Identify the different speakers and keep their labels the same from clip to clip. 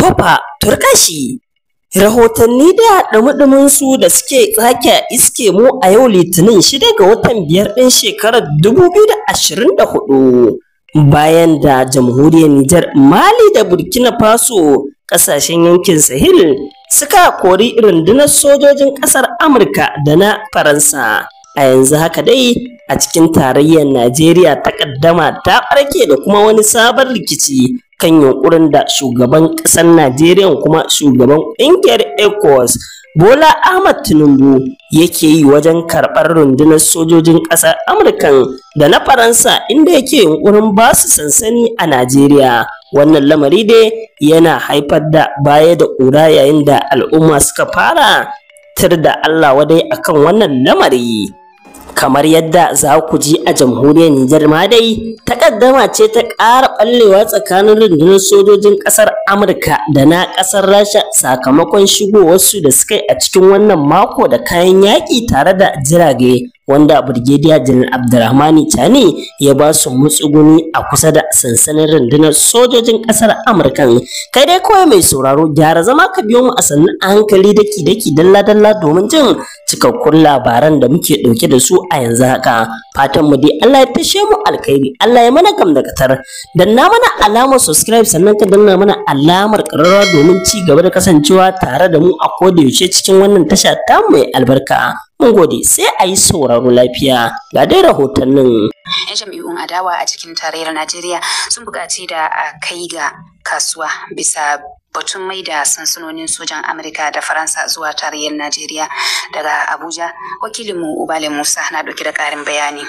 Speaker 1: tofa turkashi rahotanni da dumudumin su da suke tsake iske mu a yau litinin shida ga watan biyar ɗin shekarar 2024 bayan da jamhuriyar Nijar Mali da Burkina Faso ƙasashen yankin Sahel suka kori rundunar sojojin ƙasar Amurka da na Faransa a yanzu haka dai a cikin tarayyar Najeriya ta ƙaddama ta ɓarke da kuma wani sabon rikici kan yunkurin da shugaban ƙasar Najeriya kuma shugaban ƙungiyar ECOWAS Bola Ahmad Tinubu yake yi wajen karɓar rundunar sojojin ƙasar Amurka da na Faransa inda yake yunkurin ba su sansani a Najeriya. Wannan lamari dai yana haifar da baya da ƙura yayin da al'umma suka fara tir da Allah wadai akan wannan lamari. kamar yadda za ku ji a jamhuriyar Nijar ma dai takaddama ce ta ƙara ɓallewa tsakanin rundunar sojojin ƙasar Amurka da na ƙasar Rasha sakamakon shigowarsu da suka yi a cikin wannan mako da kayan yaƙi tare da jirage wanda Birgediya Janar Abdulrahmani Tani ya ba su mutsuguni a kusa da sansanin rundunar sojojin ƙasar Amurka. Kai dai kawai mai sauraro gyara zama ka biyo mu a sannan a hankali daki-daki dalla-dalla domin jin cikakkun labaran da muke ɗauke da su a yanzu haka fatan mu dai Allah ya tashe mu alkhairi Allah ya mana gam da katar danna mana alamar subscribe sannan ka danna mana alamar ƙararrawa domin ci gaba da kasancewa tare da mu a koda yaushe cikin wannan tasha ta mai albarka mun gode sai a yi sauraro lafiya ga dai rahotannin 'yan
Speaker 2: jam'iyyun adawa a cikin tarayyar najeriya sun buƙaci da a kai ga kasuwa bisa batun maida sansanonin sojan amurka da faransa zuwa tarayyar najeriya daga abuja wakilinmu ubale musa na ɗauki da ƙarin bayani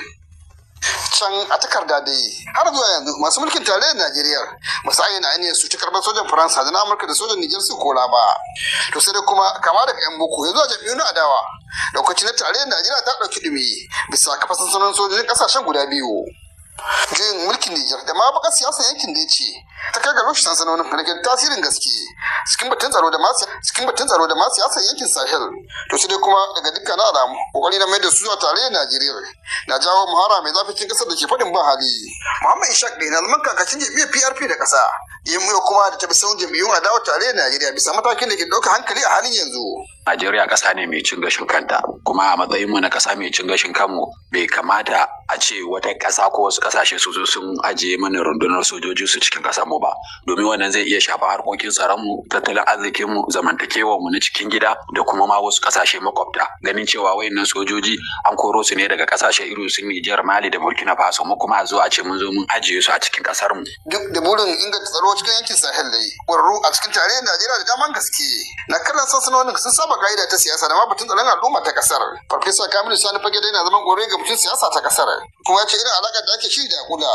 Speaker 2: can a takarda da har zuwa yanzu masu mulkin tarayyar najeriya masu ayyana ainihin su ci karɓar sojan faransa da na amurka da sojan nijar su kora ba to sai dai kuma kama daga yan boko ya zuwa jami'u na adawa lokacin na tarayyar najeriya ta ɗauki ɗumi bisa kafa sansanonin sojojin ƙasashen guda biyu jin mulkin Nijar da ma bakar siyasan yankin da ya ce ta kai ga rushe sansanonin da tasirin gaske cikin batun tsaro da masu cikin batun tsaro da masu siyasa yankin Sahel to sai dai kuma daga dukkan alamu kokari na mai da su zuwa tare na Najeriya na jawo muhara mai zafi cikin kasar da ke fadin ba hali Muhammad Ishaq ne na zaman kakacin jami'ar PRP da kasa yamma kuma da ta bi sauran jam'iyyun adawa tare da Najeriya bisa matakin da ke ɗauka hankali a halin yanzu.
Speaker 3: Najeriya ƙasa ne mai cin gashin kanta kuma a matsayin mu na ƙasa mai cin gashin kanmu bai kamata a ce wata ƙasa ko wasu ƙasashe su zo sun ajiye mana rundunar sojoji su cikin mu ba domin wannan zai iya shafa harkokin tsaronmu tattalin arzikin mu, arzikinmu mu na cikin gida da kuma ma wasu ƙasashe makwabta ganin cewa wayannan sojoji an koro su ne daga ƙasashe irin su Nijar Mali da Burkina Faso mu kuma a zo a ce mun zo mun ajiye su a cikin ƙasarmu. Duk
Speaker 2: da burin inganta tsaro kwararo cikin yankin sahel da yi a cikin tarayyar najeriya da daman gaske na kallon sansanonin sun saba ka'ida ta siyasa da ma batun tsaron al'umma ta kasar farfesa kamilu sani fage dai na zaman gore ga batun siyasa ta kasar kuma ya ce irin alaƙar da ake shi da kula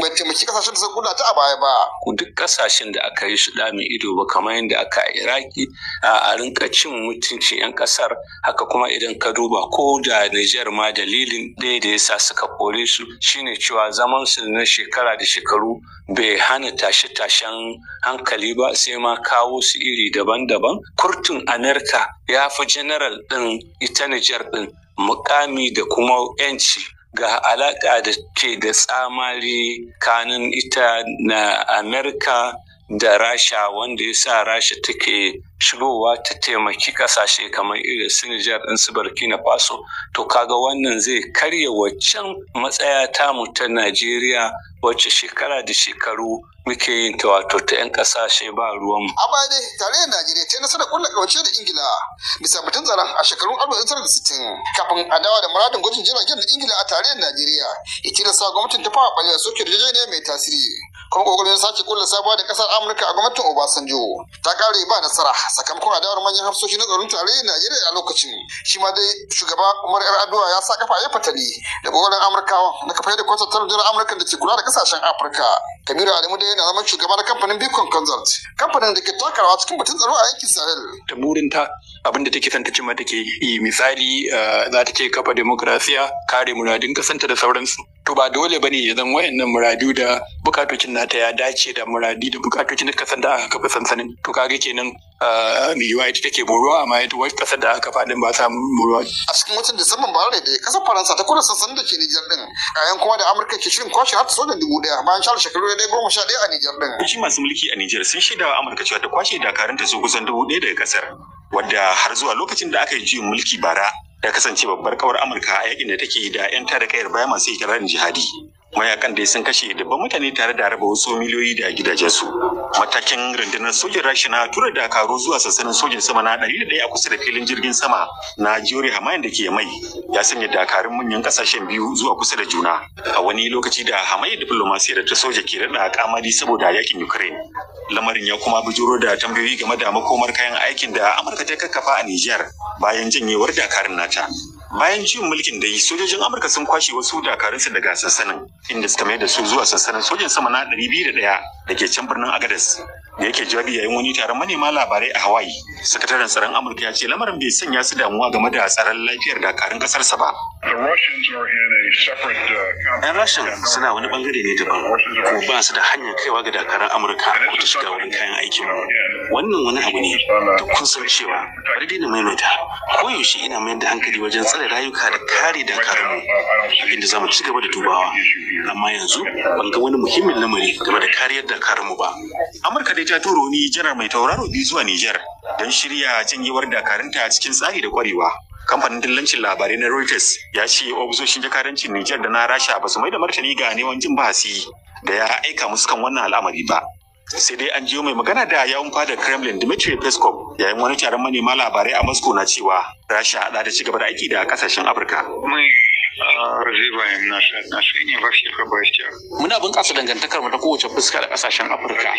Speaker 2: bai taimaki kasashen da sun kula ta a baya ba
Speaker 3: duk kasashen da aka yi su mai ido ba kamar yadda aka a iraki a rinka cin mutuncin yan kasar haka kuma idan ka duba ko da Nijar ma dalilin ɗaya da yasa suka kore su shine cewa zaman su na shekara da shekaru bai hana tashe-tashe tashe hankali ba sai ma kawo su iri daban-daban kurtun amerika ya fi general ɗin ita nijar ɗin mukami da kuma 'yanci ga alaƙa da ke da tsamari kanin ita na amerika da rasha wanda ya sa rasha take shigowa ta taimaki kasashe kamar irin su Nijar ɗin su Burkina Faso to kaga wannan zai karya waccan matsaya tamu ta Najeriya wacce shekara da shekaru muke yin ta wato ta 'yan kasashe ba ruwan. A
Speaker 2: baya dai tarayyar Najeriya ta nasarar kulla kawance da Ingila bisa batun tsaron a shekarun 1960 kafin a dawa da muradin gwajin jiragen da Ingila a tarayyar Najeriya ita da sa gwamnatin ta fara ɓalewa soke yarjejeniya mai tasiri. kuma kokarin sake kulla sabuwa da kasar amurka a gwamnatin obasanjo ta kare ba nasara sakamakon adawar manyan hafsoshi na tsaron na najeriya a lokacin shi ma dai shugaba umar yar addu'a ya sa kafa ya fatali da kokarin amurkawa na kafa da kwatar rundunar amurka da ke kula da kasashen afirka kabiru adamu dai yana zama shugaba na kamfanin bitcoin consult kamfanin da ke takarawa cikin batun tsaro a yankin sahel da burin
Speaker 3: abin da take santa cimma take yi eh, misali eh, za ta ce kafa demokrasiya kare muradun kasanta da sauransu to ba dole bane ya zan wayannan muradu da bukatocin nata ya dace da muradi da bukatocin kasan da aka kafa sansanin to kage kenan eh, mai yiwa ita take boruwa amma ita wata kasar da aka din ba ta boruwa a
Speaker 2: cikin mutum, da disamban bare da kasar faransa ta kula sansanin da ke nijar din yayin kuma da amurka ke shirin kwashe har ta sojan dubu daya bayan shara shekaru ne goma sha daya a nijar din shi
Speaker 3: masu mulki a nijar sun shaida wa amurka cewa ta kwashe dakarun ta su kusan dubu daya daga kasar wadda har zuwa lokacin da aka yi juyin mulki bara ya kasance babbar kawar amurka a yakin da take da 'yan tada kayar bayan masu ikirarin jihadi mayakan dai sun kashe dubban mutane tare da raba wasu miliyoyi da gidajensu matakin rundunar sojin rashi na tura dakaru zuwa sansanin sojin sama na ɗari da ɗaya a kusa da filin jirgin sama na jori hamayan da ke mai ya sanya dakarun manyan ƙasashen biyu zuwa kusa da juna a wani lokaci da hamayar diplomasi da ta soja ke daɗa kamari saboda yakin ukraine lamarin ya kuma bijiro da tambayoyi game da makomar kayan aikin da amurka ta kakkafa a niger bayan janyewar dakarun nata bayan juyin mulkin da yi sojojin amurka sun kwashe wasu dakarunsu daga sansanin inda suka mai da su zuwa sansanin sojan sama na 201 da ke can birnin agadas da yake jawabi yayin wani taron manema labarai a hawaii sakataren tsaron amurka ya ce lamarin bai sanya su damuwa game da tsaron lafiyar dakarun kasarsa ba uh, yan rashin suna wani bangare ne daban ko ba su da hanyar kaiwa ga dakarun amurka ko ta shiga wurin kayan aikin wannan wani abu ne da kun san cewa bari dai na ko yaushe ina mayar da hankali wajen tsare rayuka da kare dakarunmu abinda zamu ci gaba da dubawa amma yanzu ban ga wani muhimmin lamari game da kariyar dakarunmu ba amurka dai ta turo ni janar mai tauraro biyu zuwa niger don shirya janyewar dakarunta cikin tsari da kwarewa kamfanin dillancin labarai na reuters ya ce ofisoshin jakadancin niger da na rasha ba su mai da martani ga neman jin bahasi da ya aika musu kan wannan al'amari ba sai dai an jiyo mai magana da yawun fadar kremlin dmitry peskov yayin wani taron manema labarai a moscow na cewa rasha hada da cigaba da aiki da kasashen afirka Muna bunƙasa dangantakar mu ta kowace fuska da ƙasashen Afirka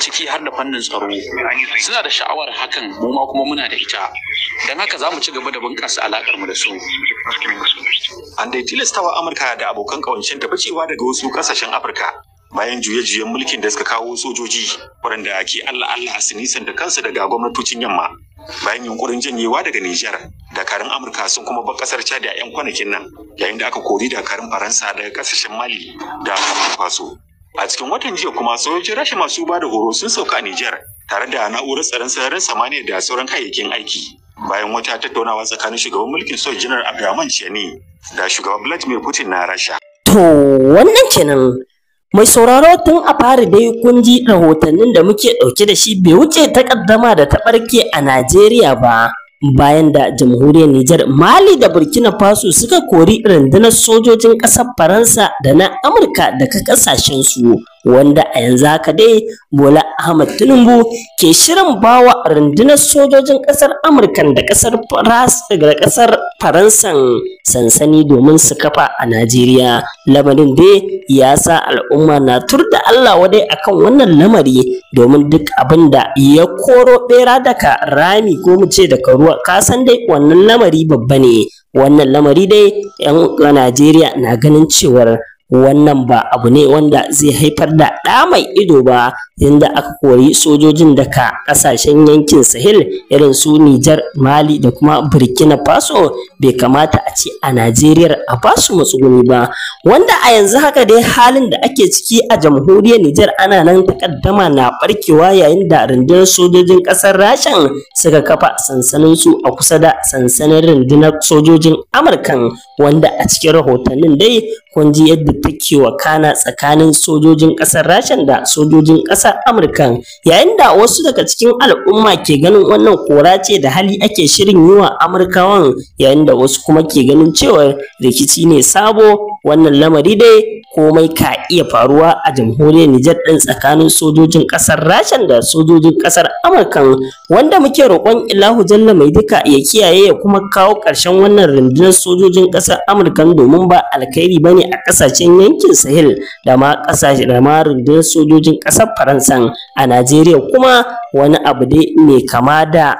Speaker 3: ciki har da fannin tsaro. Suna da sha'awar hakan mu ma kuma muna da ita. Don haka za mu ci gaba da bunƙasa alaƙar mu da su. An dai tilastawa Amurka da abokan ƙawancen ta ficewa daga wasu ƙasashen Afirka bayan juye-juyen mulkin da suka kawo sojoji waɗanda ke Allah Allah a sinisan da kansu daga gwamnatocin yamma bayan yunkurin janyewa daga Nijar dakarun Amurka sun kuma bar kasar Chad a 'yan kwanakin nan yayin da aka kori da karin Faransa daga kasashen Mali da Faso a cikin watan jiya kuma sojojin rashi masu ba da horo sun sauka a Nijar tare da na'urar tsaron sararin samaniya da sauran kayayyakin aiki bayan wata tattaunawa tsakanin shugaban mulkin sojin Janar Abdurrahman Chani da shugaban Vladimir Putin na Rasha
Speaker 1: to wannan kenan Mai sauraro tun a fara dai kun ji rahotannin da muke ɗauke da shi bai wuce takaddama da ta ɓarke a Najeriya ba. Bayan da jamhuriyar Nijar, Mali da Burkina Faso suka kori rundunar sojojin ƙasar Faransa da na Amurka daga su. wanda a yanzu haka dai Bola Ahmad Tinubu ke shirin bawa rundunar sojojin ƙasar Amurka da ƙasar da ƙasar Faransan sansani domin su kafa a Najeriya. Lamarin dai ya sa al'umma na turda Allah wadai akan wannan lamari domin duk abin da ya koro bera daga rami ko mu ce daga ruwa ka san dai wannan lamari babba ne wannan lamari dai 'yan Najeriya na ganin cewar wannan ba abu ne wanda zai haifar da ɗa mai ido ba yadda aka kori sojojin daga ƙasashen yankin sahel irin su nijar mali da kuma burkina faso bai kamata a ce a Najeriya a ba su matsuguni ba wanda a yanzu haka dai halin da ake ciki a jamhuriyar Nijar ana nan takaddama na barkewa yayin da rundunar sojojin kasar Rashan suka kafa sansanin su a kusa da sansanin rundunar sojojin Amurkan wanda a cikin rahotannin dai kun ji yadda take wakana tsakanin sojojin kasar rasha da sojojin ƙasar Amurkan yayin da wasu daga cikin al'umma ke ganin wannan kora ce da hali ake shirin yi wa Amurkawan yayin da wasu kuma ke ganin cewa rikici ne sabo wannan lamari dai komai ka iya faruwa a jamhuriyar Nijar ɗin tsakanin sojojin ƙasar Rasha da sojojin ƙasar Amurka wanda muke roƙon Ilahu Jalla mai duka ya kiyaye ya kuma kawo ƙarshen wannan rundunar sojojin ƙasar Amurka domin ba alkhairi bane a ƙasashen yankin Sahel da ma ƙasashe da ma rundunar sojojin ƙasar Faransa a Najeriya kuma wani abu dai mai kama da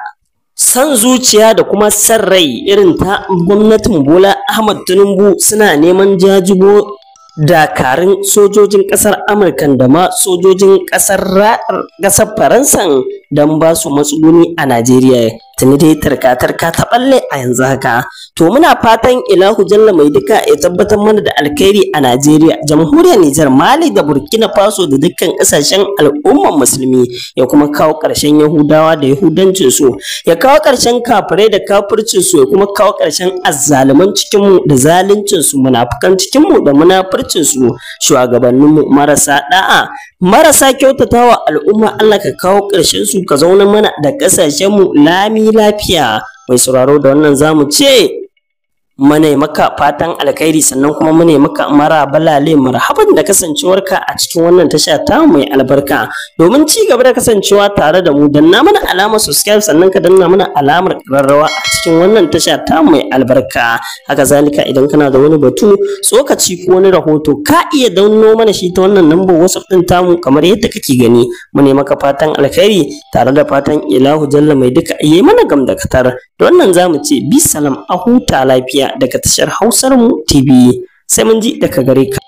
Speaker 1: san zuciya da kuma san rai irin ta gwamnatin bola ahmad tinubu suna neman jajibo dakarun sojojin kasar amurka da ma sojojin kasar faransa don ba su matsuguni a najeriya tuni dai tarka-tarka ta balle a yanzu haka to muna fatan ilahu jalla mai duka ya tabbatar mana da alkhairi a najeriya jamhuriyar nijar mali da burkina faso da dukkan kasashen al'ummar musulmi ya kuma kawo ƙarshen yahudawa da yahudancin su ya kawo ƙarshen kafirai da kafircin su ya kuma kawo ƙarshen azzaluman cikin mu da zaluncin su munafukan cikin mu da munafircin su shugabannin mu marasa da'a marasa kyautatawa al'umma Allah ka kawo ƙarshen su ka zauna mana da ƙasashenmu lami lafiya mai sauraro da wannan zamu ce mune maka fatan alkhairi sannan kuma mune maka marabalale marhaban da kasancewarka a cikin wannan tasha ta mai albarka domin ci gaba da kasancewa tare da mu danna mana alamar subscribe sannan ka danna mana alamar kararrawa a cikin wannan tasha ta mai albarka haka zalika idan kana da wani batu tsokaci ko wani rahoto ka iya dauno mana shi ta wannan lambar whatsapp din tamu kamar yadda kake gani mune maka fatan alkhairi tare da fatan ilahu jalla mai duka yayi mana gamdakatar da wannan zamu ce bi salam a huta lafiya daga tashar Hausar mu TV sai mun ji daga gare ka